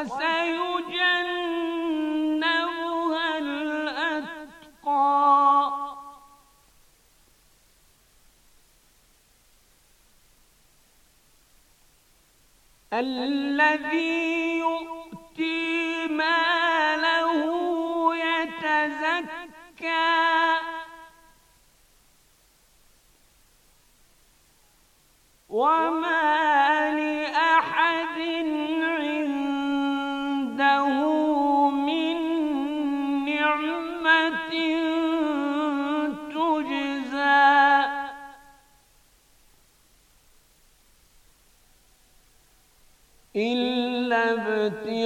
وسيجنبها الأتقى الذي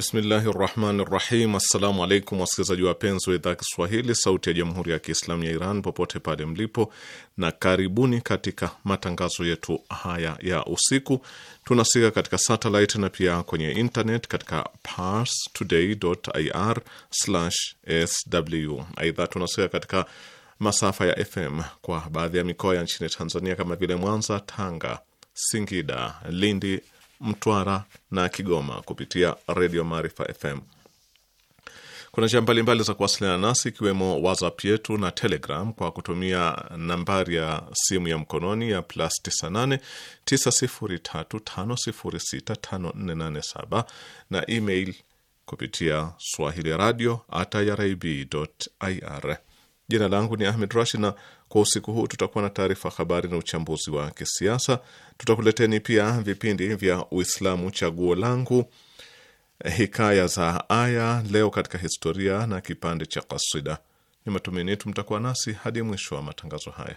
Bismillahi rahmani rahim. Assalamu alaikum wasikilizaji wapenzi wa idhaa Kiswahili sauti ya jamhuri ya Kiislamu ya Iran popote pale mlipo, na karibuni katika matangazo yetu haya ya usiku. Tunasika katika satellite na pia kwenye internet katika parstoday.ir/sw. Aidha, tunasika katika masafa ya FM kwa baadhi ya mikoa ya nchini Tanzania kama vile Mwanza, Tanga, Singida, Lindi, Mtwara na Kigoma kupitia Redio Maarifa FM. Kuna njia mbalimbali za kuwasiliana nasi ikiwemo WhatsApp yetu na Telegram kwa kutumia nambari ya simu ya mkononi ya plus 98 na email kupitia swahili radio at irib ir. Jina langu ni Ahmed Rashid na kwa usiku huu tutakuwa na taarifa habari na uchambuzi wa kisiasa. Tutakuleteni pia vipindi vya Uislamu, chaguo langu, hikaya za aya, leo katika historia na kipande cha kasida. Ni matumaini yetu mtakuwa nasi hadi mwisho wa matangazo haya.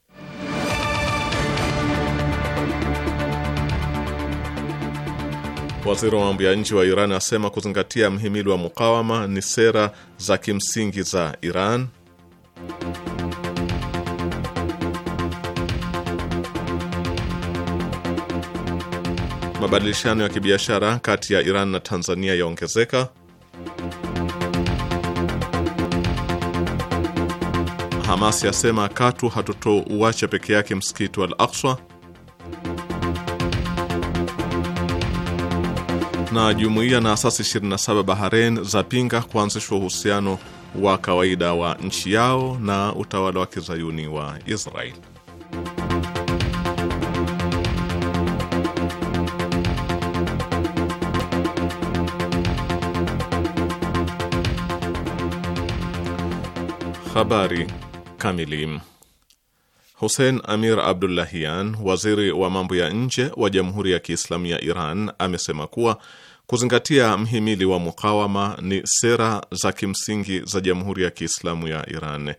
Waziri wa mambo ya nje wa Iran asema kuzingatia mhimili wa mukawama ni sera za kimsingi za Iran. Mabadilishano ya kibiashara kati ya Iran na Tanzania yaongezeka. Hamas yasema katu hatotouacha peke yake msikiti wa Al-Aqsa. na jumuiya na asasi 27 Bahrain zapinga kuanzishwa uhusiano wa kawaida wa nchi yao na utawala wa kizayuni wa Israel. Habari kamili. Hussein Amir Abdullahian, waziri wa mambo ya nje wa Jamhuri ya Kiislamu ya Iran, amesema kuwa kuzingatia mhimili wa mukawama ni sera za kimsingi za Jamhuri ya Kiislamu ya Iran.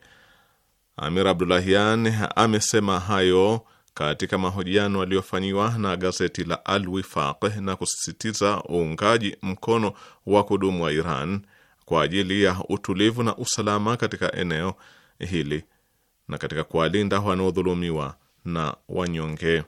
Amir Abdullahian amesema hayo katika mahojiano aliyofanyiwa na gazeti la Al Wifaq na kusisitiza uungaji mkono wa kudumu wa Iran kwa ajili ya utulivu na usalama katika eneo hili na katika kuwalinda wanaodhulumiwa na wanyonge.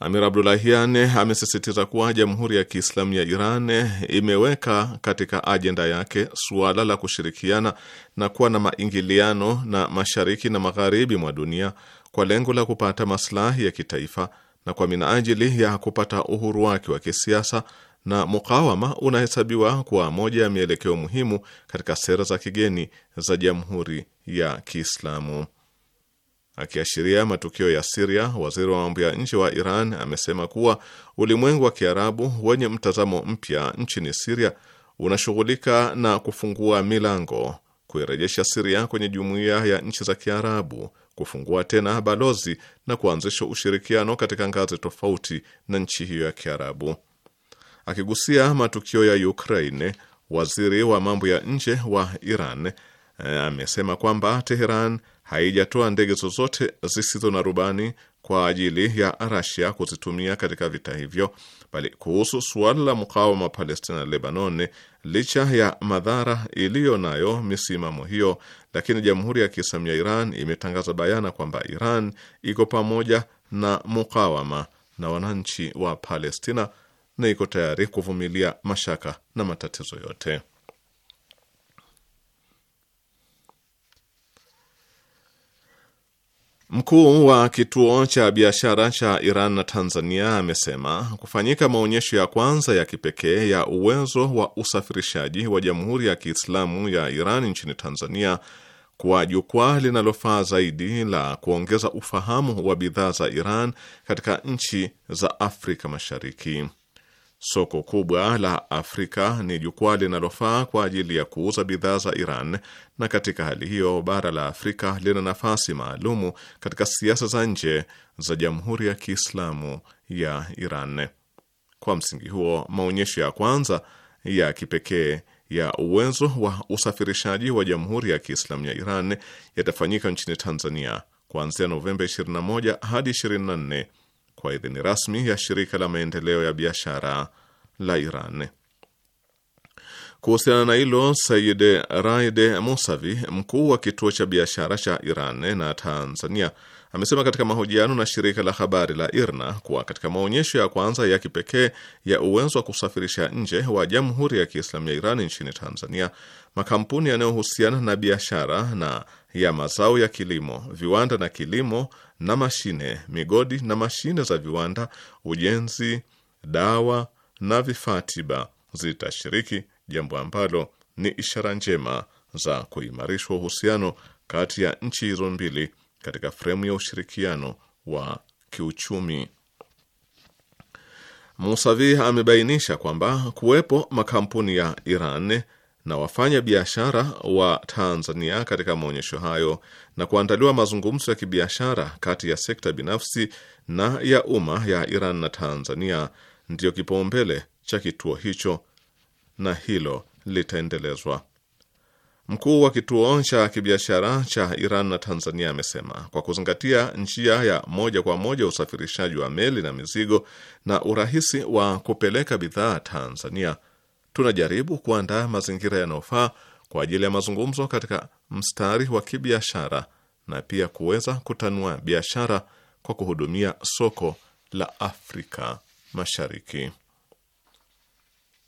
Amir Abdulahian amesisitiza kuwa Jamhuri ya Kiislamu ya Iran imeweka katika ajenda yake suala la kushirikiana na kuwa na maingiliano na mashariki na magharibi mwa dunia kwa lengo la kupata maslahi ya kitaifa na kwa minajili ya kupata uhuru wake wa kisiasa na mukawama unahesabiwa kuwa moja ya mielekeo muhimu katika sera za kigeni za Jamhuri ya Kiislamu. Akiashiria matukio ya Siria, waziri wa mambo ya nje wa Iran amesema kuwa ulimwengu wa Kiarabu wenye mtazamo mpya nchini Siria unashughulika na kufungua milango, kuirejesha Siria kwenye jumuiya ya nchi za Kiarabu, kufungua tena balozi na kuanzisha ushirikiano katika ngazi tofauti na nchi hiyo ya Kiarabu. Akigusia matukio ya Ukraine, waziri wa mambo ya nje wa Iran eh, amesema kwamba Teheran haijatoa ndege zozote zisizo na rubani kwa ajili ya Rasia kuzitumia katika vita hivyo, bali kuhusu suala la mukawama Palestina na Lebanon, licha ya madhara iliyo nayo misimamo hiyo, lakini Jamhuri ya Kiislamu ya Iran imetangaza bayana kwamba Iran iko pamoja na mukawama na wananchi wa Palestina na iko tayari kuvumilia mashaka na matatizo yote. Mkuu wa kituo cha biashara cha Iran na Tanzania amesema kufanyika maonyesho ya kwanza ya kipekee ya uwezo wa usafirishaji wa Jamhuri ya Kiislamu ya Iran nchini Tanzania kwa jukwaa linalofaa zaidi la kuongeza ufahamu wa bidhaa za Iran katika nchi za Afrika Mashariki. Soko kubwa la Afrika ni jukwaa linalofaa kwa ajili ya kuuza bidhaa za Iran, na katika hali hiyo bara la Afrika lina nafasi maalumu katika siasa za nje za Jamhuri ya Kiislamu ya Iran. Kwa msingi huo, maonyesho ya kwanza ya kipekee ya uwezo wa usafirishaji wa Jamhuri ya Kiislamu ya Iran yatafanyika nchini Tanzania kuanzia Novemba 21 hadi 24 kwa idhini rasmi ya shirika la maendeleo ya biashara la Iran. Kuhusiana na hilo, Sayid Raide Musavi, mkuu wa kituo cha biashara cha Iran na Tanzania, amesema katika mahojiano na shirika la habari la IRNA kuwa katika maonyesho ya kwanza ya kipekee ya uwezo wa kusafirisha nje wa Jamhuri ya Kiislamu ya Iran nchini Tanzania, makampuni yanayohusiana na biashara na ya mazao ya kilimo, viwanda na kilimo na mashine, migodi na mashine za viwanda, ujenzi, dawa na vifaa tiba zitashiriki, jambo ambalo ni ishara njema za kuimarishwa uhusiano kati ya nchi hizo mbili katika fremu ya ushirikiano wa kiuchumi. Musavi amebainisha kwamba kuwepo makampuni ya Iran na wafanya biashara wa Tanzania katika maonyesho hayo na kuandaliwa mazungumzo ya kibiashara kati ya sekta binafsi na ya umma ya Iran na Tanzania ndiyo kipaumbele cha kituo hicho na hilo litaendelezwa. Mkuu wa kituo cha kibiashara cha Iran na Tanzania amesema kwa kuzingatia njia ya moja kwa moja usafirishaji wa meli na mizigo na urahisi wa kupeleka bidhaa Tanzania tunajaribu kuandaa mazingira yanayofaa kwa ajili ya mazungumzo katika mstari wa kibiashara na pia kuweza kutanua biashara kwa kuhudumia soko la Afrika Mashariki.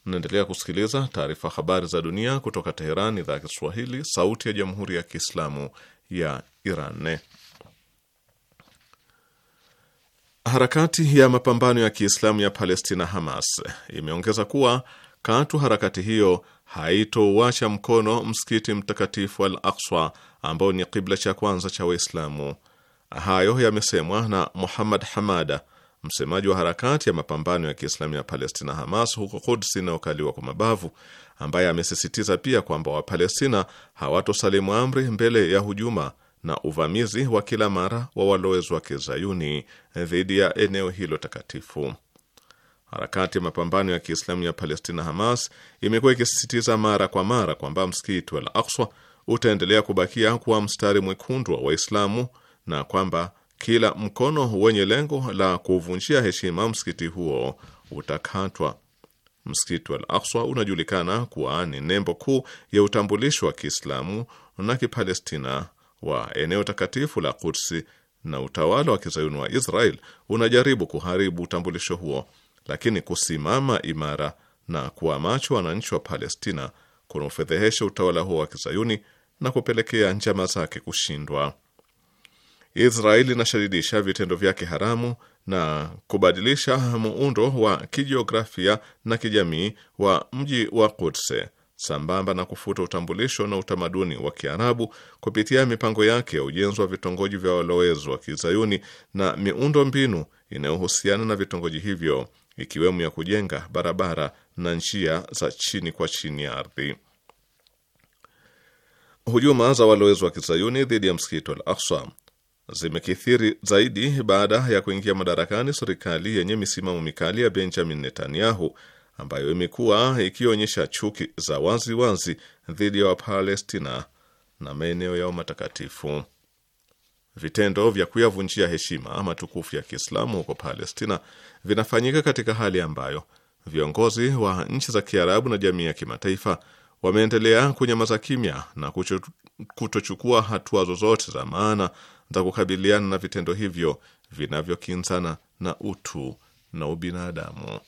Naendelea kusikiliza taarifa habari za dunia kutoka teheran idhaa ya Kiswahili, sauti ya jamhuri ya kiislamu ya Iran. Harakati ya mapambano ya kiislamu ya Palestina, Hamas, imeongeza kuwa katu harakati hiyo haitouacha mkono msikiti mtakatifu Al akswa ambao ni kibla cha kwanza cha Waislamu. Hayo yamesemwa na Muhammad Hamada, msemaji wa harakati ya mapambano ya Kiislamu ya Palestina, Hamas, huko Quds inayokaliwa kwa mabavu, ambaye amesisitiza pia kwamba Wapalestina hawatosalimu amri mbele ya hujuma na uvamizi wa kila mara wa walowezi wa kizayuni dhidi ya eneo hilo takatifu. Harakati ya mapambano ya Kiislamu ya Palestina, Hamas, imekuwa ikisisitiza mara kwa mara kwamba msikiti wa al utaendelea kubakia kuwa mstari mwekundu wa Waislamu na kwamba kila mkono wenye lengo la kuvunjia heshima msikiti huo utakatwa. Msikiti wa al unajulikana kuwa ni nembo kuu ya utambulisho wa Kiislamu na Kipalestina wa eneo takatifu la Kudsi, na utawala wa kizayuni wa Israel unajaribu kuharibu utambulisho huo lakini kusimama imara na kuwa macho wananchi wa Palestina kunaofedhehesha utawala huo wa kizayuni na kupelekea njama zake kushindwa. Israeli inashadidisha vitendo vyake haramu na kubadilisha muundo wa kijiografia na kijamii wa mji wa kutse sambamba na kufuta utambulisho na utamaduni wa Kiarabu kupitia mipango yake ya ujenzi wa vitongoji vya walowezi wa Kizayuni na miundo mbinu inayohusiana na vitongoji hivyo ikiwemo ya kujenga barabara na njia za chini kwa chini ya ardhi. Hujuma za walowezi wa kizayuni dhidi ya msikiti Al Aksa zimekithiri zaidi baada ya kuingia madarakani serikali yenye misimamo mikali ya Benjamin Netanyahu ambayo imekuwa ikionyesha chuki za wazi wazi dhidi ya Wapalestina na maeneo yao matakatifu. Vitendo vya kuyavunjia heshima matukufu ya Kiislamu huko Palestina vinafanyika katika hali ambayo viongozi wa nchi za Kiarabu na jamii ya kimataifa wameendelea kunyamaza kimya na kutochukua hatua zozote za maana za kukabiliana na vitendo hivyo vinavyokinzana na utu na ubinadamu.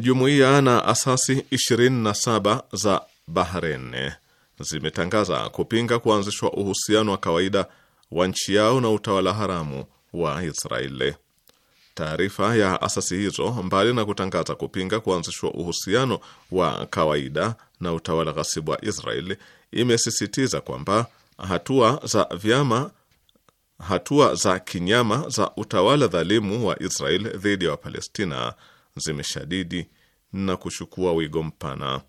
Jumuiya na asasi 27 za Bahrain zimetangaza kupinga kuanzishwa uhusiano wa kawaida wa nchi yao na utawala haramu wa Israeli. Taarifa ya asasi hizo, mbali na kutangaza kupinga kuanzishwa uhusiano wa kawaida na utawala ghasibu wa Israeli, imesisitiza kwamba hatua za vyama hatua za kinyama za utawala dhalimu wa Israel dhidi ya Wapalestina zimeshadidi na kuchukua wigo mpana.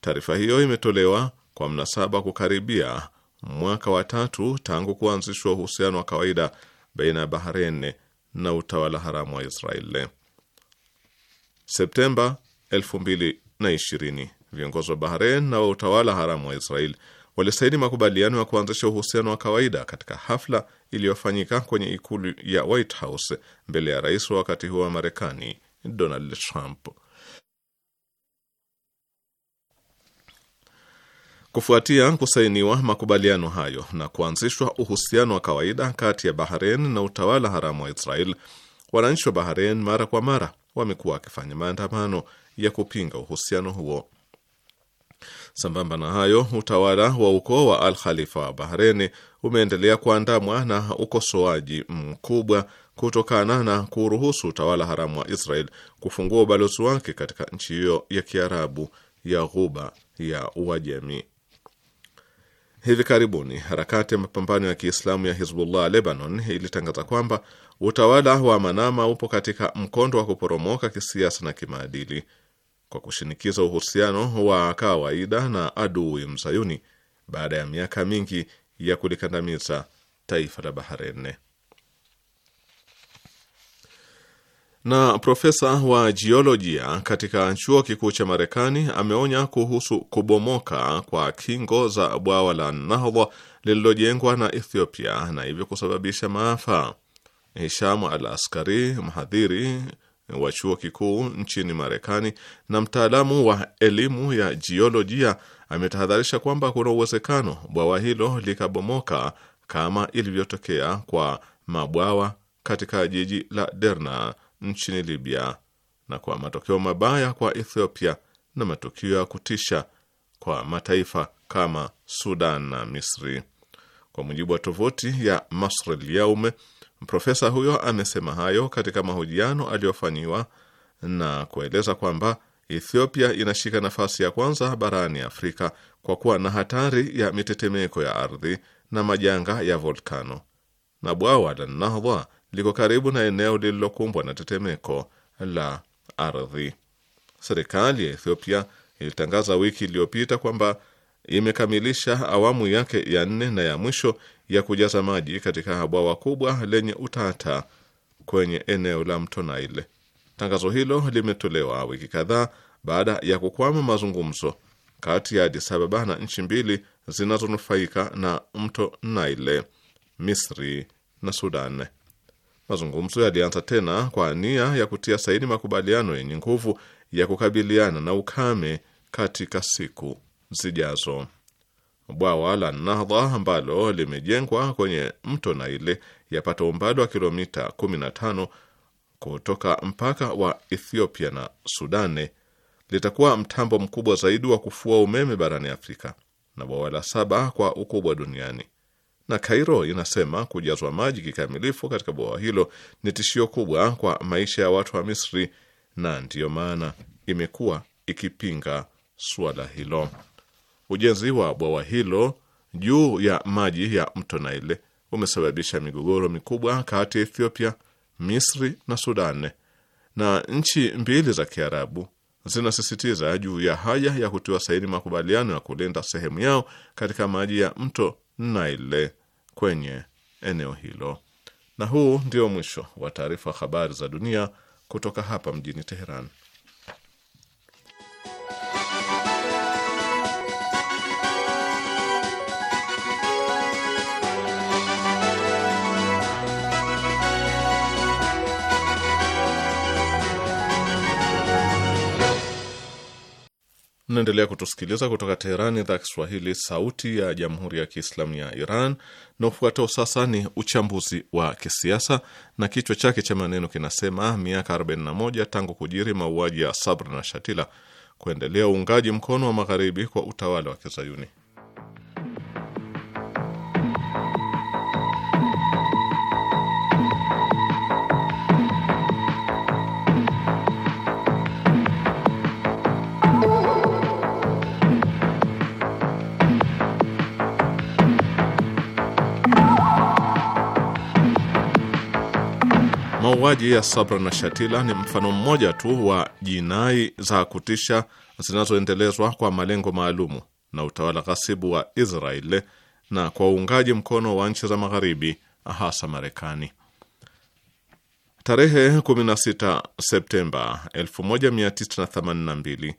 Taarifa hiyo imetolewa kwa mnasaba kukaribia mwaka wa tatu tangu kuanzishwa uhusiano wa kawaida baina ya Bahrein na utawala haramu wa Israeli. Septemba 2020 viongozi wa Bahrein na wa utawala haramu wa Israeli walisaini makubaliano ya kuanzisha uhusiano wa kawaida katika hafla iliyofanyika kwenye ikulu ya White House mbele ya rais wa wakati huo wa Marekani Donald Trump. Kufuatia kusainiwa makubaliano hayo na kuanzishwa uhusiano wa kawaida kati ya Bahrain na utawala haramu wa Israel, wananchi wa Bahrain mara kwa mara wamekuwa wakifanya maandamano ya kupinga uhusiano huo. Sambamba na hayo, utawala wa ukoo wa Al Khalifa wa Bahrain umeendelea kuandamwa na ukosoaji mkubwa kutokana na kuruhusu utawala haramu wa Israel kufungua ubalozi wake katika nchi hiyo ya Kiarabu ya Ghuba ya Uajemi. Hivi karibuni harakati ya mapambano ya Kiislamu ya Hizbullah Lebanon ilitangaza kwamba utawala wa Manama upo katika mkondo wa kuporomoka kisiasa na kimaadili kwa kushinikiza uhusiano wa kawaida na adui mzayuni baada ya miaka mingi ya kulikandamiza taifa la Bahrain. na profesa wa jiolojia katika chuo kikuu cha Marekani ameonya kuhusu kubomoka kwa kingo za bwawa la Nahdha lililojengwa na Ethiopia na hivyo kusababisha maafa. Hisham Al Askari, mhadhiri wa chuo kikuu nchini Marekani na mtaalamu wa elimu ya jiolojia, ametahadharisha kwamba kuna uwezekano bwawa hilo likabomoka kama ilivyotokea kwa mabwawa katika jiji la Derna nchini Libya na kwa matokeo mabaya kwa Ethiopia na matukio ya kutisha kwa mataifa kama Sudan na Misri. Kwa mujibu wa tovuti ya Masril Yaume, profesa huyo amesema hayo katika mahojiano aliyofanyiwa na kueleza kwamba Ethiopia inashika nafasi ya kwanza barani Afrika kwa kuwa na hatari ya mitetemeko ya ardhi na majanga ya volkano na bwawa la Nahdha liko karibu na eneo lililokumbwa na tetemeko la ardhi. Serikali ya Ethiopia ilitangaza wiki iliyopita kwamba imekamilisha awamu yake ya nne na ya mwisho ya kujaza maji katika bwawa kubwa lenye utata kwenye eneo la mto Nile. Tangazo hilo limetolewa wiki kadhaa baada ya kukwama mazungumzo kati ya Addis Ababa na nchi mbili zinazonufaika na mto Nile, Misri na Sudan. Mazungumzo yalianza tena kwa nia ya kutia saini makubaliano yenye nguvu ya kukabiliana na ukame katika siku zijazo. Bwawa la Nahdha ambalo limejengwa kwenye mto Naili yapata umbali wa kilomita 15 kutoka mpaka wa Ethiopia na Sudane litakuwa mtambo mkubwa zaidi wa kufua umeme barani Afrika na bwawa la saba kwa ukubwa duniani na Kairo inasema kujazwa maji kikamilifu katika bwawa hilo ni tishio kubwa kwa maisha ya watu wa Misri na ndiyo maana imekuwa ikipinga suala hilo. Ujenzi wa bwawa hilo juu ya maji ya mto Naile umesababisha migogoro mikubwa kati ya Ethiopia, Misri na Sudan, na nchi mbili za Kiarabu zinasisitiza juu ya haja ya kutiwa saini makubaliano ya kulinda sehemu yao katika maji ya mto ile kwenye eneo hilo. Na huu ndio mwisho wa taarifa habari za dunia kutoka hapa mjini Teheran. naendelea kutusikiliza kutoka Teherani, idhaa Kiswahili, sauti ya jamhuri ya kiislamu ya Iran. Na ufuatao sasa ni uchambuzi wa kisiasa na kichwa chake cha maneno kinasema: miaka 41 tangu kujiri mauaji ya Sabra na Shatila, kuendelea uungaji mkono wa magharibi kwa utawala wa Kizayuni. Mauaji ya Sabra na Shatila ni mfano mmoja tu wa jinai za kutisha zinazoendelezwa kwa malengo maalumu na utawala ghasibu wa Israel na kwa uungaji mkono wa nchi za Magharibi, hasa Marekani. Tarehe 16 Septemba 1982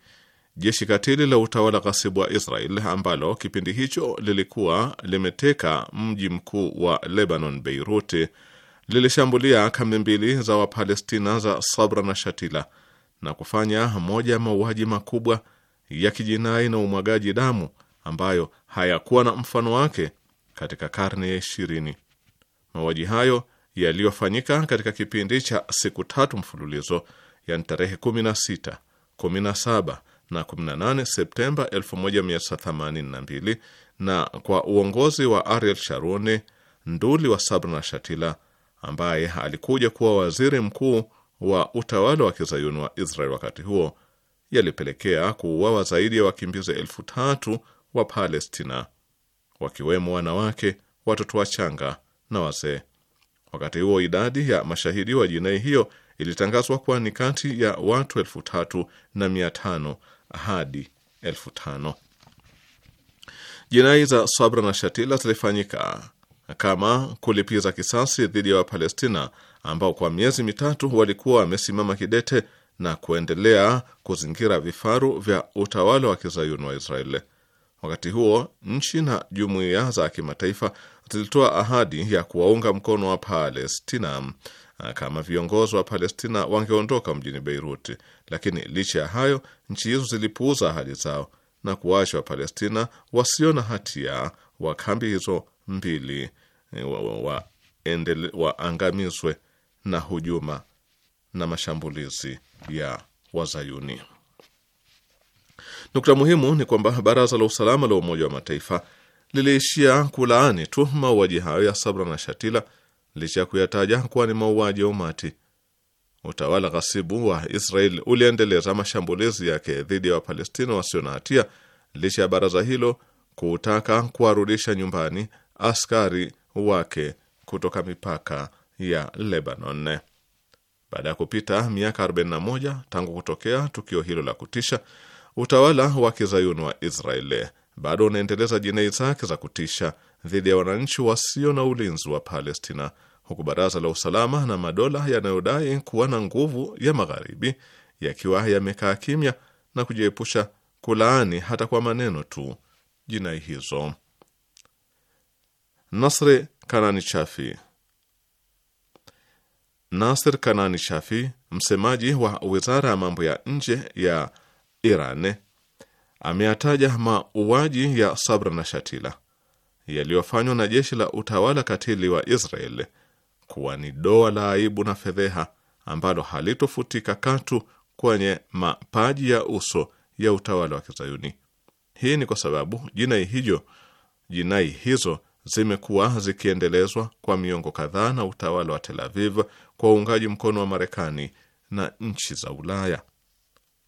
jeshi katili la utawala ghasibu wa Israel ambalo kipindi hicho lilikuwa limeteka mji mkuu wa Lebanon, Beirut lilishambulia kambi mbili za Wapalestina za Sabra na Shatila na kufanya moja ya mauaji makubwa ya kijinai na umwagaji damu ambayo hayakuwa na mfano wake katika karne ya ishirini. Mauaji hayo yaliyofanyika katika kipindi cha siku tatu mfululizo, yani tarehe 16, 17 na 18 Septemba 1982 na kwa uongozi wa Ariel Sharoni, nduli wa Sabra na Shatila ambaye alikuja kuwa waziri mkuu wa utawala wa kizayuni wa Israel wakati huo yalipelekea kuuawa zaidi ya wakimbizi elfu tatu wa Palestina, wakiwemo wanawake, watoto wachanga na wazee. Wakati huo idadi ya mashahidi wa jinai hiyo ilitangazwa kuwa ni kati ya watu elfu tatu na mia tano hadi elfu tano. Jinai za Sabra na Shatila zilifanyika kama kulipiza kisasi dhidi ya Wapalestina ambao kwa miezi mitatu walikuwa wamesimama kidete na kuendelea kuzingira vifaru vya utawala wa kizayuni wa Israeli. Wakati huo nchi na jumuiya za kimataifa zilitoa ahadi ya kuwaunga mkono wa Palestina kama viongozi wa Palestina wangeondoka mjini beirut lakini licha ya hayo nchi hizo zilipuuza ahadi zao na kuwaacha Wapalestina wasio na hatia wa kambi hizo mbili waangamizwe wa, wa, na hujuma na mashambulizi ya Wazayuni. Nukta muhimu ni kwamba Baraza la Usalama la Umoja wa Mataifa liliishia kulaani tu mauaji hayo ya Sabra na Shatila licha ya kuyataja kuwa ni mauaji ya umati. Utawala ghasibu wa Israel uliendeleza mashambulizi yake dhidi ya Wapalestina wasio na hatia licha ya baraza hilo kutaka kuwarudisha nyumbani askari wake kutoka mipaka ya Lebanon. Baada ya kupita miaka 41 tangu kutokea tukio hilo la kutisha, utawala wa kizayuni wa Israeli bado unaendeleza jinai zake za kutisha dhidi ya wananchi wasio na ulinzi wa Palestina, huku baraza la usalama na madola yanayodai kuwa na nguvu ya magharibi yakiwa yamekaa kimya na kujiepusha kulaani hata kwa maneno tu jinai hizo. Nasr Kanani Chafi. Nasr Kanani Chafi, msemaji wa Wizara ya Mambo ya Nje ya Iran, ameyataja mauaji ya Sabra na Shatila yaliyofanywa na jeshi la utawala katili wa Israel kuwa ni doa la aibu na fedheha ambalo halitofutika katu kwenye mapaji ya uso ya utawala wa Kizayuni. Hii ni kwa sababu jinai hiyo jinai hizo zimekuwa zikiendelezwa kwa miongo kadhaa na utawala wa Tel Aviv kwa uungaji mkono wa Marekani na nchi za Ulaya.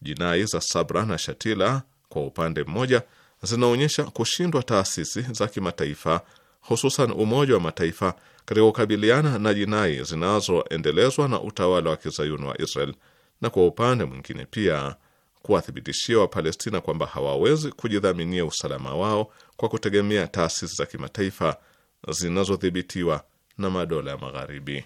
Jinai za Sabra na Shatila kwa upande mmoja zinaonyesha kushindwa taasisi za kimataifa hususan Umoja wa Mataifa katika kukabiliana na jinai zinazoendelezwa na utawala wa kizayuni wa Israel, na kwa upande mwingine pia kuwathibitishia Wapalestina kwamba hawawezi kujidhaminia usalama wao kwa kutegemea taasisi za kimataifa zinazodhibitiwa na madola ya Magharibi.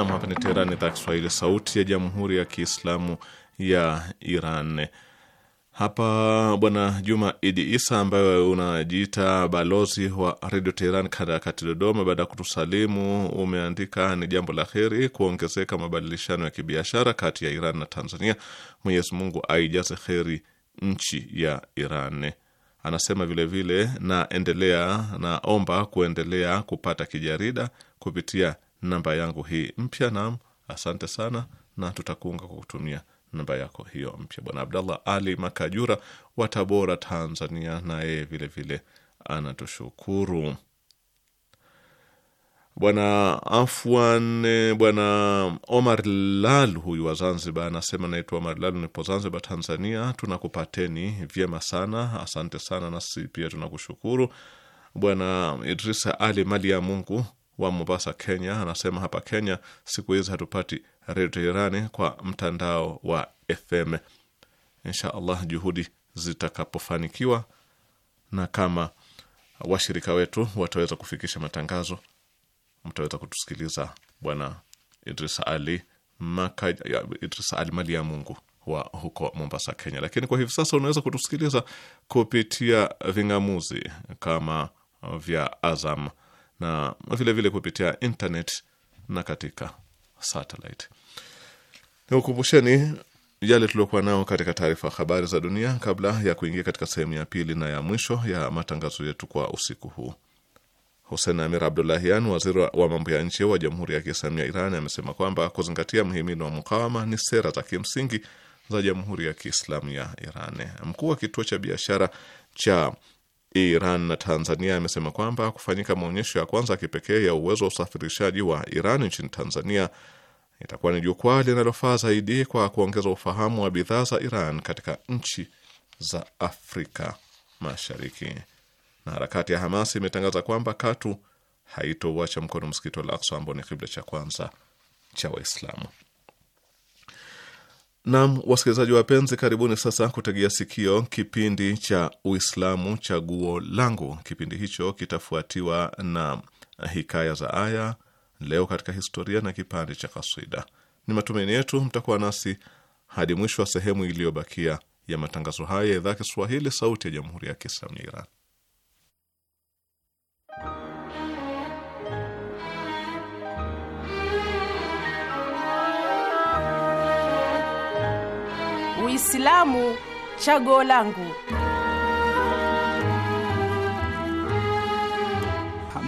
Salaam. Hapa ni Teherani, idhaa Kiswahili, sauti ya jamhuri ya kiislamu ya Iran. Hapa Bwana Juma Idi Isa, ambaye unajiita balozi wa redio Teheran kanda kati Dodoma, baada ya kutusalimu umeandika ni jambo la heri kuongezeka mabadilishano ya kibiashara kati ya Iran na Tanzania. Mwenyezi Mungu aijaze heri nchi ya Iran. Anasema vilevile, naendelea naomba kuendelea kupata kijarida kupitia namba yangu hii mpya. Naam, asante sana, na tutakuunga kwa kutumia namba yako hiyo mpya. Bwana Abdallah Ali Makajura wa Tabora, Tanzania, na yeye vilevile anatushukuru. Bwana Afwan, eh, Bwana Omar Lal huyu wa Zanzibar anasema, naitwa Omar Lal, nipo Zanzibar, Tanzania. Tunakupateni vyema sana, asante sana, nasi pia tunakushukuru. Bwana Idrisa Ali Mali ya Mungu wa Mombasa, Kenya, anasema hapa Kenya siku hizi hatupati redio Teherani kwa mtandao wa FM. Insha allah juhudi zitakapofanikiwa na kama washirika wetu wataweza kufikisha matangazo, mtaweza kutusikiliza Bwana Idris Ali Maka, Idris Ali mali ya Mungu wa huko Mombasa, Kenya. Lakini kwa hivi sasa unaweza kutusikiliza kupitia ving'amuzi kama vya Azam na vile vile kupitia internet na katika satellite. Nikukumbusheni yale tuliokuwa nao katika taarifa ya habari za dunia kabla ya kuingia katika sehemu ya pili na ya mwisho ya matangazo yetu kwa usiku huu. Hussein Amir Abdullahian, waziri wa mambo ya nje wa Jamhuri ya Kiislamia Iran, amesema kwamba kuzingatia mhimili wa mukawama ni sera za kimsingi za Jamhuri ya Kiislamu ya Iran. Mkuu wa kituo cha biashara cha Iran na Tanzania amesema kwamba kufanyika maonyesho ya kwanza kipekee ya uwezo wa usafirishaji wa Iran nchini Tanzania itakuwa ni jukwaa linalofaa zaidi kwa kuongeza ufahamu wa bidhaa za Iran katika nchi za Afrika Mashariki. Na harakati ya Hamas imetangaza kwamba katu haitouacha mkono msikiti wa Al-Aqsa ambao ni kibla cha kwanza cha Waislamu. Nam, wasikilizaji wapenzi, karibuni sasa kutegea sikio kipindi cha Uislamu Chaguo Langu. Kipindi hicho kitafuatiwa na hikaya za aya, leo katika historia na kipande cha kaswida. Ni matumaini yetu mtakuwa nasi hadi mwisho wa sehemu iliyobakia ya matangazo haya ya idhaa Kiswahili, sauti ya jamhuri ya kiislamu ya Iran. Uislamu chaguo langu.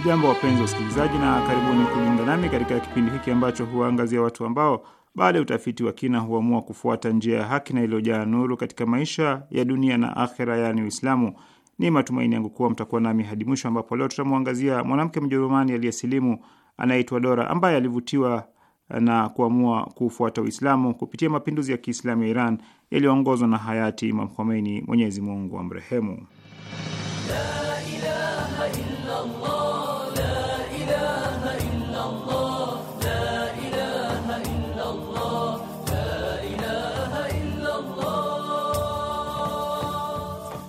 Jambo wapenzi wa usikilizaji, na karibuni kujiunga nami katika kipindi hiki ambacho huwaangazia watu ambao baada ya utafiti wa kina huamua kufuata njia ya haki na iliyojaa nuru katika maisha ya dunia na akhera, yaani Uislamu. Ni matumaini yangu kuwa mtakuwa nami hadi mwisho, ambapo leo tutamwangazia mwanamke Mjerumani aliyesilimu anayeitwa Dora ambaye alivutiwa na kuamua kufuata Uislamu kupitia mapinduzi ya Kiislamu ya Iran yaliyoongozwa na hayati Imam Khomeini, Mwenyezi Mungu amrehemu. La ilaha illallah.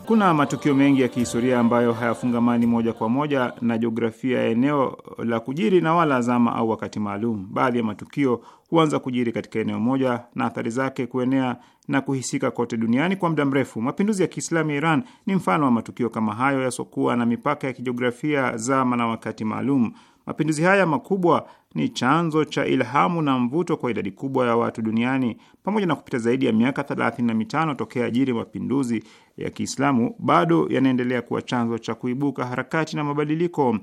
Kuna matukio mengi ya kihistoria ambayo hayafungamani moja kwa moja na jiografia ya eneo la kujiri na wala zama au wakati maalum. Baadhi ya matukio huanza kujiri katika eneo moja na athari zake kuenea na kuhisika kote duniani kwa muda mrefu. Mapinduzi ya Kiislamu ya Iran ni mfano wa matukio kama hayo yasokuwa na mipaka ya kijiografia, zama na wakati maalum. Mapinduzi haya makubwa ni chanzo cha ilhamu na mvuto kwa idadi kubwa ya watu duniani. Pamoja na kupita zaidi ya miaka thelathini na mitano tokea ajiri mapinduzi ya Kiislamu, bado yanaendelea kuwa chanzo cha kuibuka harakati na mabadiliko.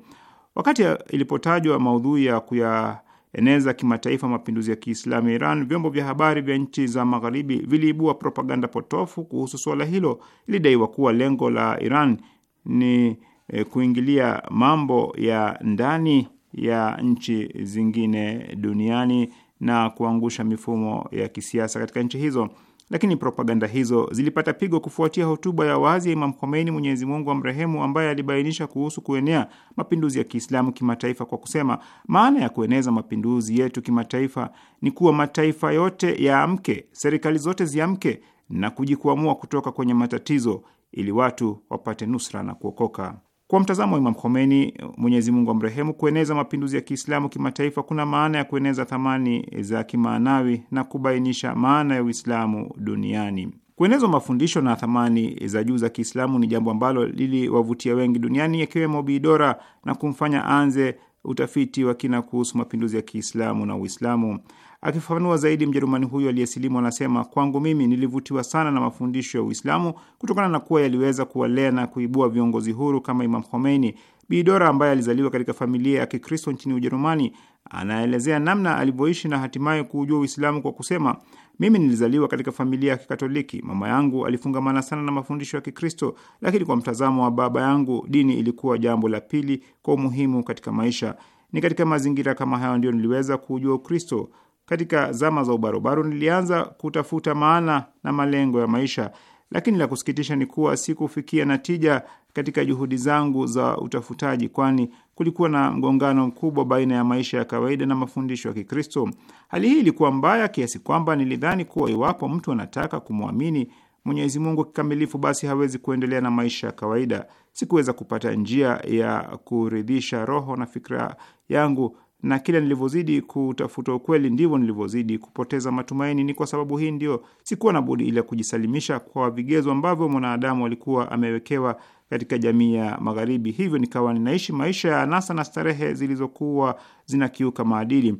Wakati ilipotajwa maudhui ya kuyaeneza kimataifa mapinduzi ya Kiislamu ya Iran, vyombo vya habari vya nchi za Magharibi viliibua propaganda potofu kuhusu suala hilo. Ilidaiwa kuwa lengo la Iran ni e, kuingilia mambo ya ndani ya nchi zingine duniani na kuangusha mifumo ya kisiasa katika nchi hizo. Lakini propaganda hizo zilipata pigo kufuatia hotuba ya wazi ya Imam Khomeini, Mwenyezi Mungu wa mrehemu ambaye alibainisha kuhusu kuenea mapinduzi ya Kiislamu kimataifa kwa kusema, maana ya kueneza mapinduzi yetu kimataifa ni kuwa mataifa yote yaamke, serikali zote ziamke na kujikwamua kutoka kwenye matatizo, ili watu wapate nusra na kuokoka. Kwa mtazamo wa Imam Khomeini, Mwenyezi Mungu amrehemu, kueneza mapinduzi ya Kiislamu kimataifa kuna maana ya kueneza thamani za kimaanawi na kubainisha maana ya Uislamu duniani. Kuenezwa mafundisho na thamani za juu za Kiislamu ni jambo ambalo liliwavutia wengi duniani, akiwemo bidora na kumfanya anze utafiti wa kina kuhusu mapinduzi ya Kiislamu na Uislamu. Akifafanua zaidi, Mjerumani huyo aliyesilimu anasema, kwangu mimi nilivutiwa sana na mafundisho ya Uislamu kutokana na kuwa yaliweza kuwalea na kuibua viongozi huru kama Imam Khomeini. Bidora ambaye alizaliwa katika familia ya Kikristo nchini Ujerumani anaelezea namna alivyoishi na hatimaye kuujua Uislamu kwa kusema, mimi nilizaliwa katika familia ya Kikatoliki. Mama yangu alifungamana sana na mafundisho ya Kikristo, lakini kwa mtazamo wa baba yangu dini ilikuwa jambo la pili kwa umuhimu katika maisha. Ni katika mazingira kama hayo ndio niliweza kuujua Ukristo katika zama za ubarobaro nilianza kutafuta maana na malengo ya maisha, lakini la kusikitisha ni kuwa sikufikia natija katika juhudi zangu za utafutaji, kwani kulikuwa na mgongano mkubwa baina ya maisha ya kawaida na mafundisho ya Kikristo. Hali hii ilikuwa mbaya kiasi kwamba nilidhani kuwa iwapo mtu anataka kumwamini Mwenyezi Mungu kikamilifu, basi hawezi kuendelea na maisha ya kawaida. Sikuweza kupata njia ya kuridhisha roho na fikra yangu na kila nilivyozidi kutafuta ukweli ndivyo nilivyozidi kupoteza matumaini. Ni kwa sababu hii ndio sikuwa na budi ila kujisalimisha kwa vigezo ambavyo mwanadamu alikuwa amewekewa katika jamii ya Magharibi. Hivyo nikawa ninaishi maisha ya anasa na starehe zilizokuwa zinakiuka maadili.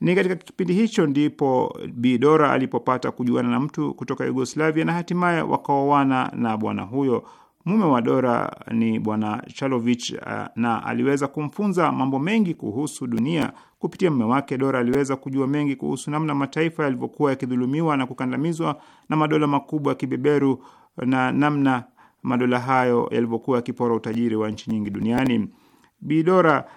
Ni katika kipindi hicho ndipo Bidora alipopata kujuana na mtu kutoka Yugoslavia na hatimaye wakaoana na bwana huyo. Mume wa Dora ni bwana Chalovich uh, na aliweza kumfunza mambo mengi kuhusu dunia. Kupitia mume wake, Dora aliweza kujua mengi kuhusu namna mataifa yalivyokuwa yakidhulumiwa na kukandamizwa na madola makubwa ya kibeberu na namna madola hayo yalivyokuwa yakipora utajiri wa nchi nyingi duniani. Bidora Dora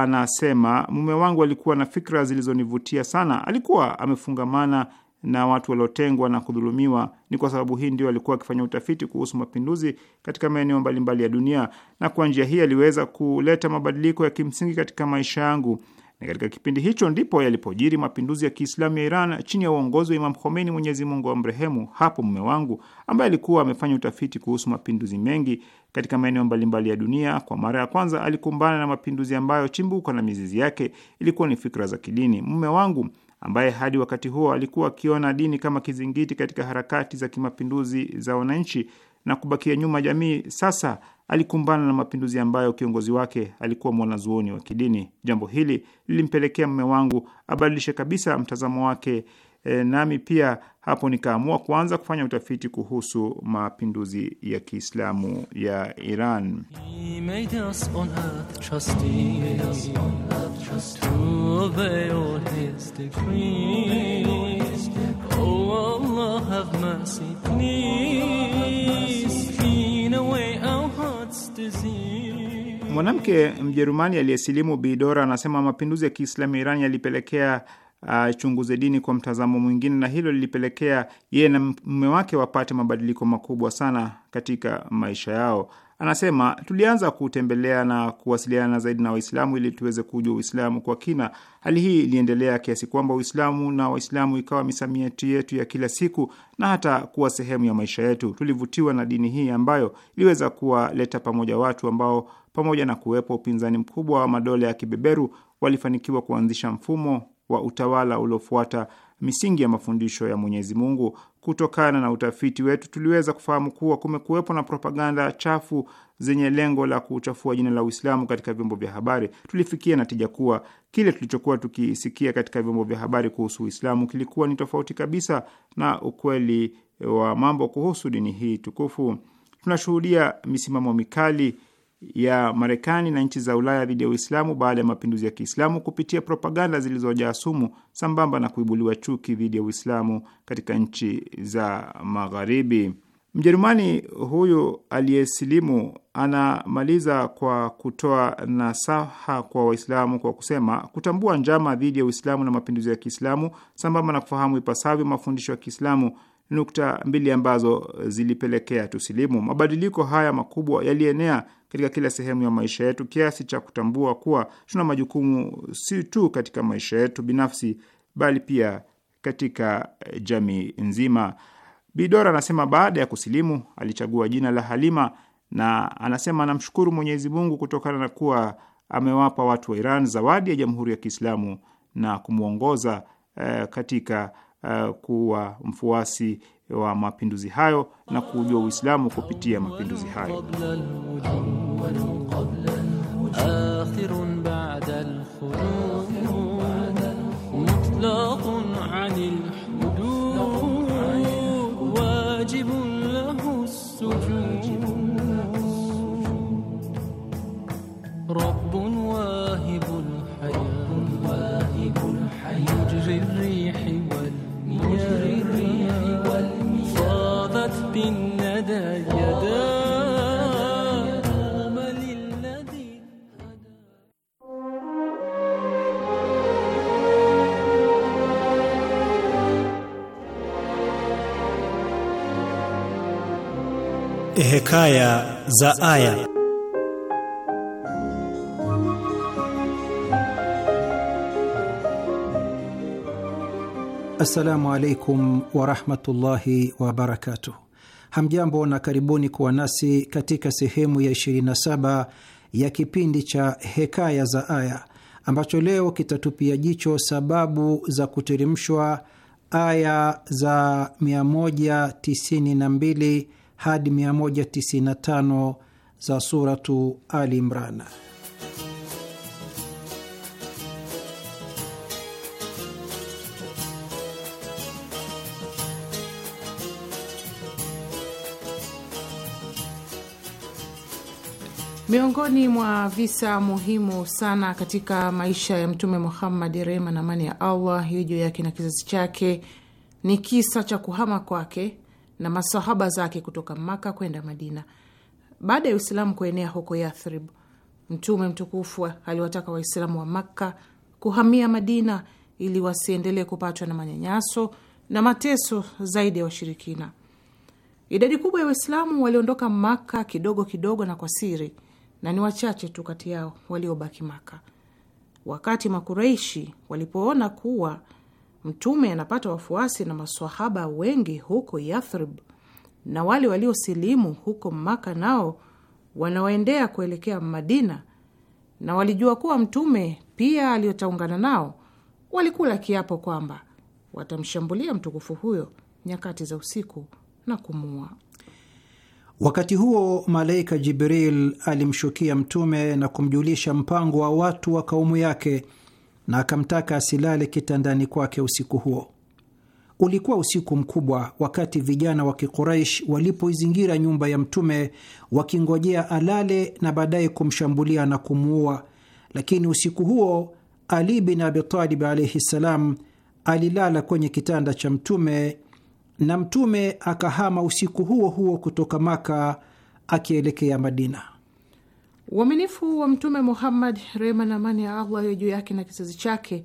anasema, mume wangu alikuwa na fikra zilizonivutia sana. Alikuwa amefungamana na watu waliotengwa na kudhulumiwa. Ni kwa sababu hii ndio alikuwa akifanya utafiti kuhusu mapinduzi katika maeneo mbalimbali ya dunia, na kwa njia hii aliweza kuleta mabadiliko ya kimsingi katika maisha yangu. Na katika kipindi hicho ndipo yalipojiri mapinduzi ya Kiislamu ya Iran chini ya uongozi wa Imam Khomeini, Mwenyezi Mungu amrehemu. Hapo mume wangu ambaye alikuwa amefanya utafiti kuhusu mapinduzi mengi katika maeneo mbalimbali ya dunia, kwa mara ya kwanza alikumbana na mapinduzi ambayo chimbuko na mizizi yake ilikuwa ni fikra za kidini. Mume wangu ambaye hadi wakati huo alikuwa akiona dini kama kizingiti katika harakati za kimapinduzi za wananchi na kubakia nyuma jamii, sasa alikumbana na mapinduzi ambayo kiongozi wake alikuwa mwanazuoni wa kidini. Jambo hili lilimpelekea mme wangu abadilishe kabisa mtazamo wake e, nami pia hapo nikaamua kuanza kufanya utafiti kuhusu mapinduzi ya Kiislamu ya Iran. Mwanamke Mjerumani aliyesilimu Bidora anasema mapinduzi ya Kiislamu ya Iran yalipelekea achunguze uh, dini kwa mtazamo mwingine, na hilo lilipelekea yeye na mume wake wapate mabadiliko makubwa sana katika maisha yao. Anasema, tulianza kutembelea na kuwasiliana zaidi na Waislamu ili tuweze kujua Uislamu kwa kina. Hali hii iliendelea kiasi kwamba Uislamu na Waislamu ikawa misamiati yetu ya kila siku na hata kuwa sehemu ya maisha yetu. Tulivutiwa na dini hii ambayo iliweza kuwaleta pamoja watu ambao pamoja na kuwepo upinzani mkubwa wa madola ya kibeberu walifanikiwa kuanzisha mfumo wa utawala uliofuata misingi ya mafundisho ya Mwenyezi Mungu. Kutokana na utafiti wetu, tuliweza kufahamu kuwa kumekuwepo na propaganda chafu zenye lengo la kuchafua jina la Uislamu katika vyombo vya habari. Tulifikia natija kuwa kile tulichokuwa tukisikia katika vyombo vya habari kuhusu Uislamu kilikuwa ni tofauti kabisa na ukweli wa mambo kuhusu dini hii tukufu. Tunashuhudia misimamo mikali ya Marekani na nchi za Ulaya dhidi ya Uislamu baada ya mapinduzi ya Kiislamu kupitia propaganda zilizojaa sumu sambamba na kuibuliwa chuki dhidi ya Uislamu katika nchi za Magharibi. Mjerumani huyu aliyesilimu anamaliza kwa kutoa nasaha kwa Waislamu kwa kusema kutambua njama dhidi ya Uislamu na mapinduzi ya Kiislamu sambamba na kufahamu ipasavyo mafundisho ya Kiislamu nukta mbili ambazo zilipelekea tusilimu. Mabadiliko haya makubwa yalienea katika kila sehemu ya maisha yetu kiasi cha kutambua kuwa tuna majukumu si tu katika maisha yetu binafsi bali pia katika eh, jamii nzima. Bidora anasema baada ya kusilimu alichagua jina la Halima na anasema anamshukuru Mwenyezi Mungu kutokana na kuwa amewapa watu wa Iran zawadi ya Jamhuri ya Kiislamu na kumwongoza uh, eh, katika uh, kuwa mfuasi wa mapinduzi hayo na kuujua Uislamu kupitia mapinduzi hayo. Hekaya za Aya. Assalamu alaikum warahmatullahi wabarakatuh. Hamjambo na karibuni kuwa nasi katika sehemu ya 27 ya kipindi cha Hekaya za Aya ambacho leo kitatupia jicho sababu za kuteremshwa aya za 192 hadi 195 za Suratu Ali Imran. Miongoni mwa visa muhimu sana katika maisha ya Mtume Muhammad, rehma na amani ya Allah hiyo juu yake na kizazi chake, ni kisa cha kuhama kwake na masahaba zake kutoka Maka kwenda Madina. Baada ya Uislamu kuenea huko Yathrib, Mtume mtukufu aliwataka Waislamu wa Makka kuhamia Madina ili wasiendelee kupatwa na manyanyaso na mateso zaidi ya washirikina. Idadi kubwa ya Waislamu waliondoka Makka kidogo kidogo na kwa siri, na ni wachache tu kati yao waliobaki Makka. Wakati makuraishi walipoona kuwa Mtume anapata wafuasi na maswahaba wengi huko Yathrib, na wale waliosilimu huko Maka nao wanawaendea kuelekea Madina, na walijua kuwa Mtume pia aliyotaungana nao walikula kiapo kwamba watamshambulia mtukufu huyo nyakati za usiku na kumua Wakati huo malaika Jibril alimshukia Mtume na kumjulisha mpango wa watu wa kaumu yake na akamtaka asilale kitandani kwake usiku huo. Ulikuwa usiku mkubwa, wakati vijana wa Kikuraish walipoizingira nyumba ya Mtume wakingojea alale na baadaye kumshambulia na kumuua. Lakini usiku huo Ali bin Abitalib alaihi ssalam alilala kwenye kitanda cha Mtume na Mtume akahama usiku huo huo kutoka Maka akielekea Madina. Uaminifu wa Mtume Muhammad, rehma na amani ya Allah yo juu yake na kizazi chake,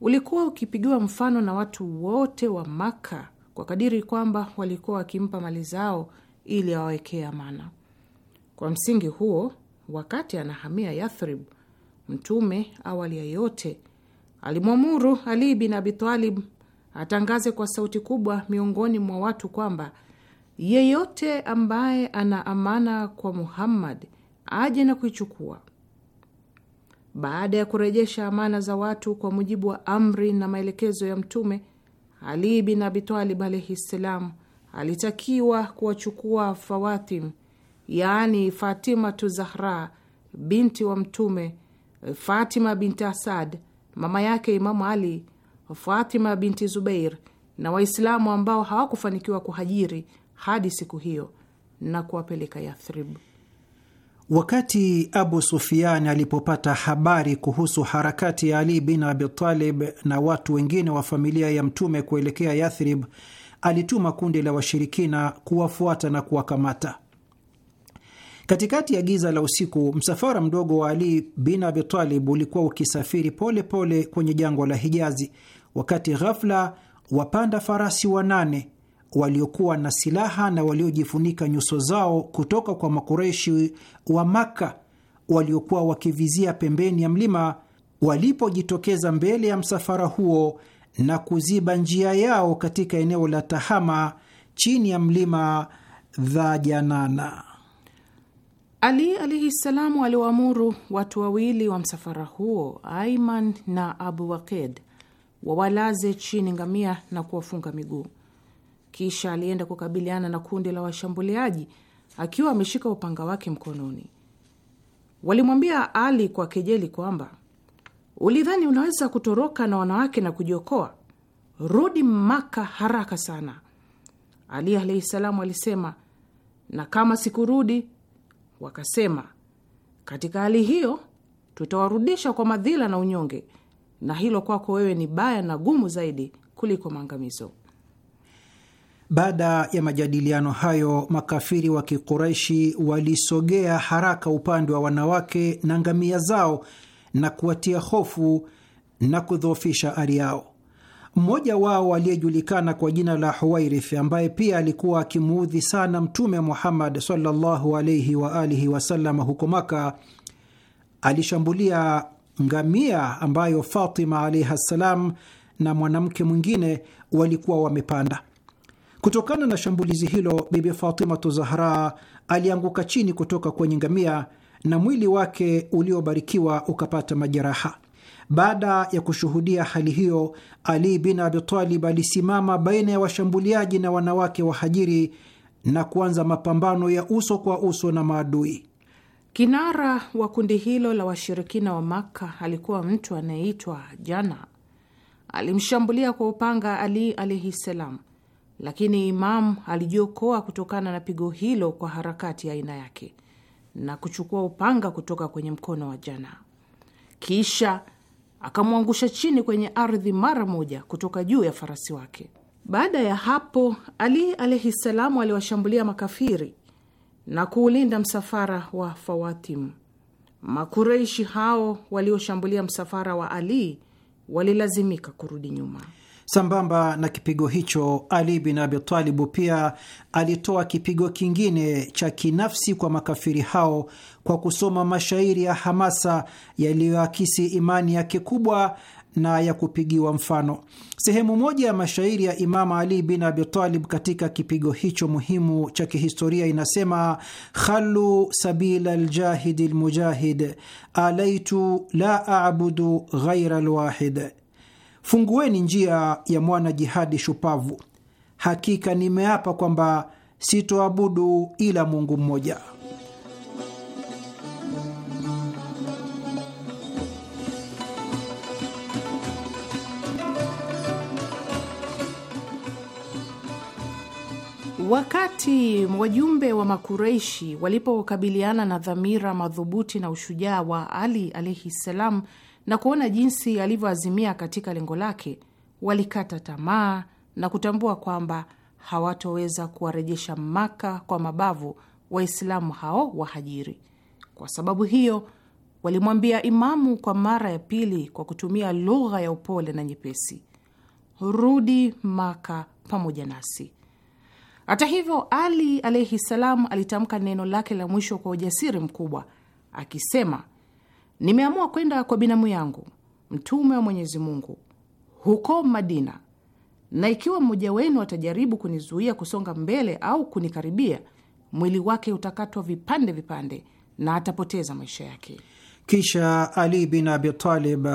ulikuwa ukipigiwa mfano na watu wote wa makka kwa kadiri kwamba walikuwa wakimpa mali zao ili awawekee amana. Kwa msingi huo, wakati anahamia Yathrib, Mtume awali ya yote alimwamuru Ali bin Abitalib atangaze kwa sauti kubwa miongoni mwa watu kwamba yeyote ambaye ana amana kwa Muhammad aje na kuichukua. Baada ya kurejesha amana za watu kwa mujibu wa amri na maelekezo ya Mtume, Ali bin Abitalib alaihi ssalam alitakiwa kuwachukua Fawatim, yaani Fatimatu Zahra binti wa Mtume, Fatima binti Asad mama yake Imamu Ali, Fatima binti Zubeir na Waislamu ambao hawakufanikiwa kuhajiri hadi siku hiyo na kuwapeleka Yathrib. Wakati Abu Sufian alipopata habari kuhusu harakati ya Ali bin abitalib na watu wengine wa familia ya Mtume kuelekea Yathrib, alituma kundi la washirikina kuwafuata na kuwakamata. Katikati ya giza la usiku, msafara mdogo wa Ali bin Abitalib ulikuwa ukisafiri polepole pole kwenye jangwa la Hijazi, wakati ghafla wapanda farasi wanane waliokuwa na silaha na waliojifunika nyuso zao kutoka kwa Makureshi wa Makka waliokuwa wakivizia pembeni ya mlima walipojitokeza mbele ya msafara huo na kuziba njia yao katika eneo la Tahama chini ya mlima Dhajanana. Ali alaihi ssalamu aliwaamuru watu wawili wa msafara huo, Aiman na Abu Waqid, wawalaze chini ngamia na kuwafunga miguu. Kisha alienda kukabiliana na kundi la washambuliaji akiwa ameshika upanga wake mkononi. Walimwambia Ali kwa kejeli kwamba ulidhani unaweza kutoroka na wanawake na kujiokoa? Rudi Maka haraka sana. Ali alahi salamu alisema, na kama sikurudi? Wakasema, katika hali hiyo tutawarudisha kwa madhila na unyonge, na hilo kwako wewe ni baya na gumu zaidi kuliko maangamizo. Baada ya majadiliano hayo, makafiri wa Kikuraishi walisogea haraka upande wa wanawake na ngamia zao na kuwatia hofu na kudhoofisha ari yao. Mmoja wao aliyejulikana kwa jina la Huwairith, ambaye pia alikuwa akimuudhi sana Mtume Muhammad sallallahu alaihi wa alihi wasallam huko Maka, alishambulia ngamia ambayo Fatima alaihi ssalam na mwanamke mwingine walikuwa wamepanda. Kutokana na shambulizi hilo, Bibi Fatimatu Zahra alianguka chini kutoka kwenye ngamia na mwili wake uliobarikiwa ukapata majeraha. Baada ya kushuhudia hali hiyo, Ali bin Abitalib alisimama baina ya washambuliaji na wanawake wahajiri na kuanza mapambano ya uso kwa uso na maadui. Kinara wa kundi hilo la washirikina wa Makka alikuwa mtu anayeitwa Jana. Alimshambulia kwa upanga Ali alaihi ssalam lakini Imamu alijiokoa kutokana na pigo hilo kwa harakati ya aina yake na kuchukua upanga kutoka kwenye mkono wa Jana, kisha akamwangusha chini kwenye ardhi mara moja kutoka juu ya farasi wake. Baada ya hapo, Ali alaihi salamu aliwashambulia makafiri na kuulinda msafara wa Fawatim. Makureishi hao walioshambulia msafara wa Ali walilazimika kurudi nyuma. Sambamba na kipigo hicho, Ali bin Abi Talibu pia alitoa kipigo kingine cha kinafsi kwa makafiri hao kwa kusoma mashairi ya hamasa yaliyoakisi imani yake kubwa na ya kupigiwa mfano. Sehemu moja ya mashairi ya imamu Ali bin Abi Talib katika kipigo hicho muhimu cha kihistoria inasema: khalu sabila ljahidi lmujahid alaitu la abudu ghaira lwahid Fungueni njia ya mwana jihadi shupavu. Hakika nimeapa kwamba sitoabudu ila Mungu mmoja. Wakati wajumbe wa Makureishi walipokabiliana na dhamira madhubuti na ushujaa wa Ali alaihi ssalam na kuona jinsi alivyoazimia katika lengo lake, walikata tamaa na kutambua kwamba hawatoweza kuwarejesha Maka kwa mabavu Waislamu hao wahajiri. Kwa sababu hiyo, walimwambia Imamu kwa mara ya pili kwa kutumia lugha ya upole na nyepesi, rudi Maka pamoja nasi. Hata hivyo, Ali alaihi salam alitamka neno lake la mwisho kwa ujasiri mkubwa akisema nimeamua kwenda kwa binamu yangu mtume wa Mwenyezi Mungu huko Madina, na ikiwa mmoja wenu atajaribu kunizuia kusonga mbele au kunikaribia, mwili wake utakatwa vipande vipande na atapoteza maisha yake. Kisha Ali bin Abi Talib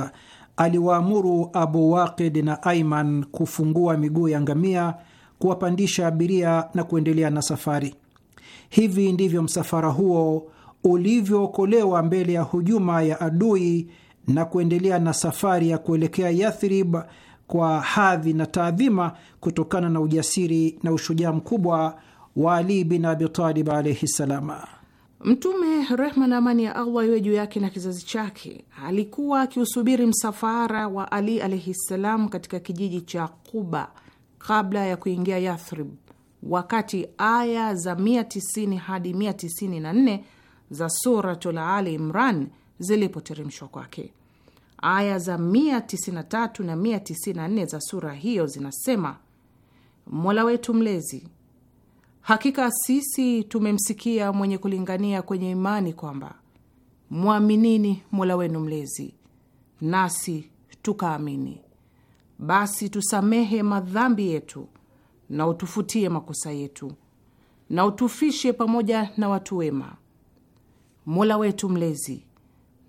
aliwaamuru Abu Waqid na Aiman kufungua miguu ya ngamia, kuwapandisha abiria na kuendelea na safari. Hivi ndivyo msafara huo ulivyookolewa mbele ya hujuma ya adui na kuendelea na safari ya kuelekea Yathrib kwa hadhi na taadhima kutokana na ujasiri na ushujaa mkubwa wa Ali bin Abi Talib alaihi ssalama. Mtume, rehma na amani ya Allah iwe juu yake na kizazi chake, alikuwa akiusubiri msafara wa Ali alaihi ssalam katika kijiji cha Quba kabla ya kuingia Yathrib, wakati aya za 190 hadi 194 za Suratul Ali Imran zilipoteremshwa kwake. Aya za 193 na 194 za sura hiyo zinasema: Mola wetu Mlezi, hakika sisi tumemsikia mwenye kulingania kwenye imani kwamba mwaminini Mola wenu Mlezi, nasi tukaamini, basi tusamehe madhambi yetu na utufutie makosa yetu na utufishe pamoja na watu wema Mola wetu Mlezi,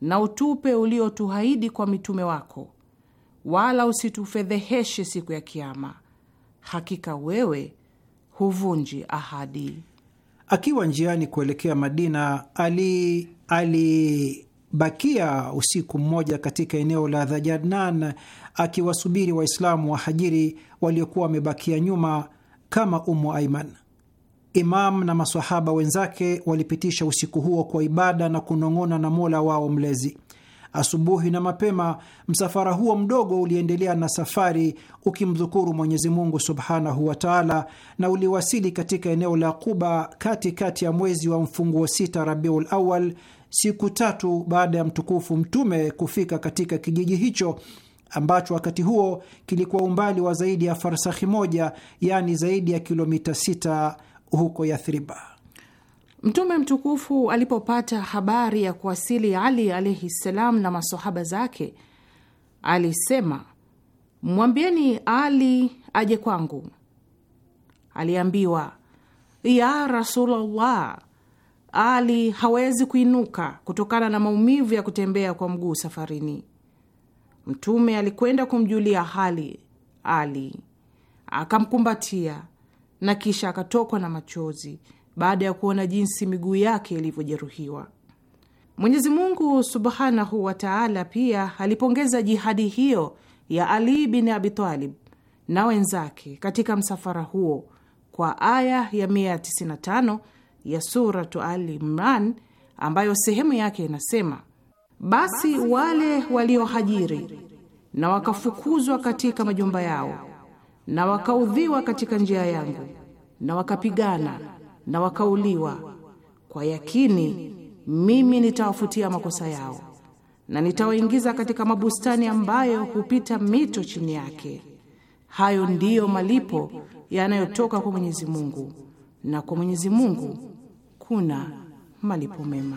na utupe uliotuhaidi kwa mitume wako, wala usitufedheheshe siku ya Kiama. Hakika wewe huvunji ahadi. Akiwa njiani kuelekea Madina, Ali alibakia usiku mmoja katika eneo la Dhajarnan akiwasubiri Waislamu wahajiri waliokuwa wamebakia nyuma kama Umu Aiman. Imam na masahaba wenzake walipitisha usiku huo kwa ibada na kunong'ona na Mola wao mlezi. Asubuhi na mapema msafara huo mdogo uliendelea na safari ukimdhukuru Mwenyezi Mungu subhanahu wa taala, na uliwasili katika eneo la Quba katikati ya mwezi wa mfunguo sita Rabiul Awal, siku tatu baada ya mtukufu Mtume kufika katika kijiji hicho ambacho wakati huo kilikuwa umbali wa zaidi ya farsahi moja, yaani zaidi ya kilomita sita huko Yathriba. Mtume mtukufu alipopata habari ya kuwasili Ali alaihi ssalam na masohaba zake, alisema mwambieni Ali aje kwangu. Aliambiwa, ya Rasulullah, Ali hawezi kuinuka kutokana na maumivu ya kutembea kwa mguu safarini. Mtume alikwenda kumjulia hali Ali, akamkumbatia na kisha akatokwa na machozi baada ya kuona jinsi miguu yake ilivyojeruhiwa. Mwenyezi Mungu subhanahu wa taala pia alipongeza jihadi hiyo ya Ali bin Abi Talib na wenzake katika msafara huo kwa aya ya 195 ya Suratu Ali Imran ambayo sehemu yake inasema: basi wale waliohajiri na wakafukuzwa katika majumba yao na wakaudhiwa katika njia yangu, na wakapigana na wakauliwa. Kwa yakini mimi nitawafutia makosa yao na nitawaingiza katika mabustani ambayo hupita mito chini yake. Hayo ndiyo malipo yanayotoka kwa Mwenyezi Mungu, na kwa Mwenyezi Mungu kuna malipo mema.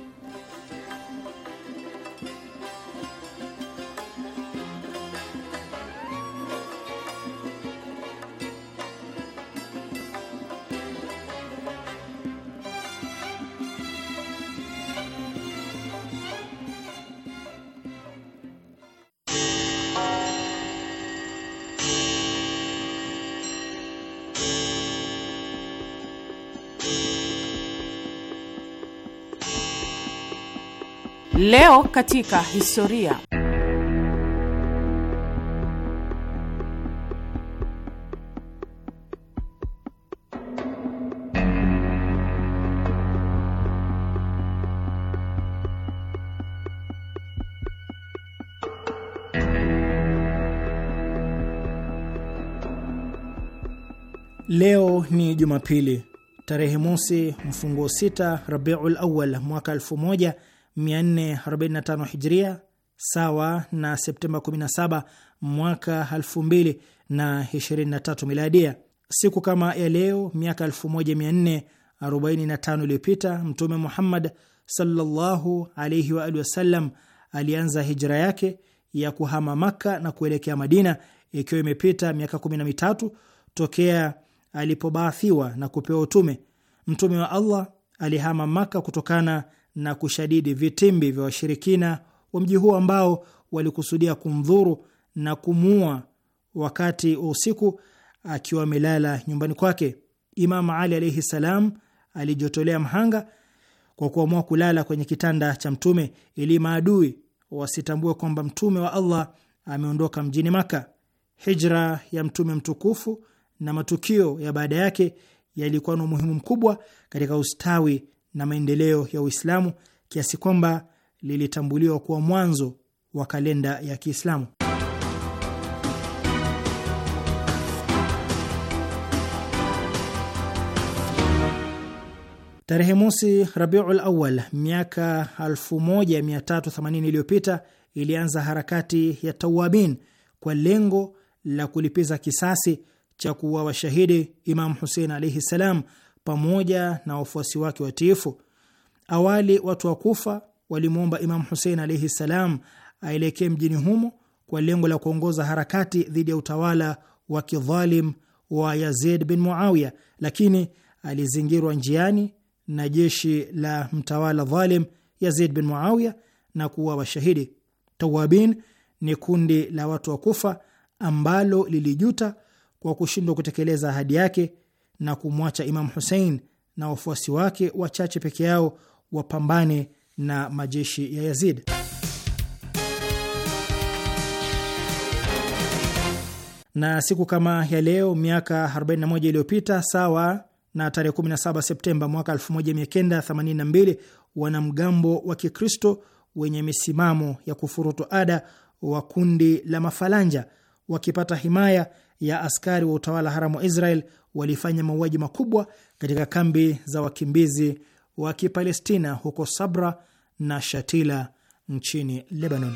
Leo katika historia. Leo ni Jumapili tarehe mosi mfunguo sita Rabiul Awal mwaka 1400 445 hijria sawa na Septemba 17 mwaka 2023 miladia. Siku kama ya leo miaka 1445 iliyopita Mtume Muhammad sallallahu alaihi wa alihi wasallam alianza hijra yake ya kuhama Makka na kuelekea Madina, ikiwa imepita miaka 13 tokea alipobaathiwa na kupewa utume. Mtume wa Allah alihama Makka kutokana na kushadidi vitimbi vya washirikina wa mji huo ambao walikusudia kumdhuru na kumuua wakati wa usiku akiwa amelala nyumbani kwake. Imam Ali alaihi salam alijotolea mhanga kwa kuamua kulala kwenye kitanda cha Mtume ili maadui wasitambue kwamba Mtume wa Allah ameondoka mjini Maka. Hijra ya Mtume mtukufu na matukio ya baada yake yalikuwa na umuhimu mkubwa katika ustawi na maendeleo ya Uislamu kiasi kwamba lilitambuliwa kuwa mwanzo wa kalenda ya Kiislamu. Tarehe mosi Rabiul Awal miaka 1380 iliyopita ilianza harakati ya Tawabin kwa lengo la kulipiza kisasi cha kuwa washahidi Imam Husein alaihi ssalam pamoja na wafuasi wake watiifu. Awali watu wa Kufa walimwomba Imamu Husein alaihi ssalam aelekee mjini humo kwa lengo la kuongoza harakati dhidi ya utawala wa kidhalim wa Yazid bin Muawiya, lakini alizingirwa njiani na jeshi la mtawala dhalim Yazid bin Muawiya na kuwa washahidi. Tawabin ni kundi la watu wa Kufa ambalo lilijuta kwa kushindwa kutekeleza ahadi yake na kumwacha imam Husein na wafuasi wake wachache peke yao wapambane na majeshi ya Yazid. Na siku kama ya leo miaka 41 iliyopita, sawa na tarehe 17 Septemba mwaka 1982, wanamgambo wa Kikristo wenye misimamo ya kufurutu ada wa kundi la Mafalanja wakipata himaya ya askari wa utawala haramu wa Israel walifanya mauaji makubwa katika kambi za wakimbizi wa Kipalestina huko Sabra na Shatila nchini Lebanon.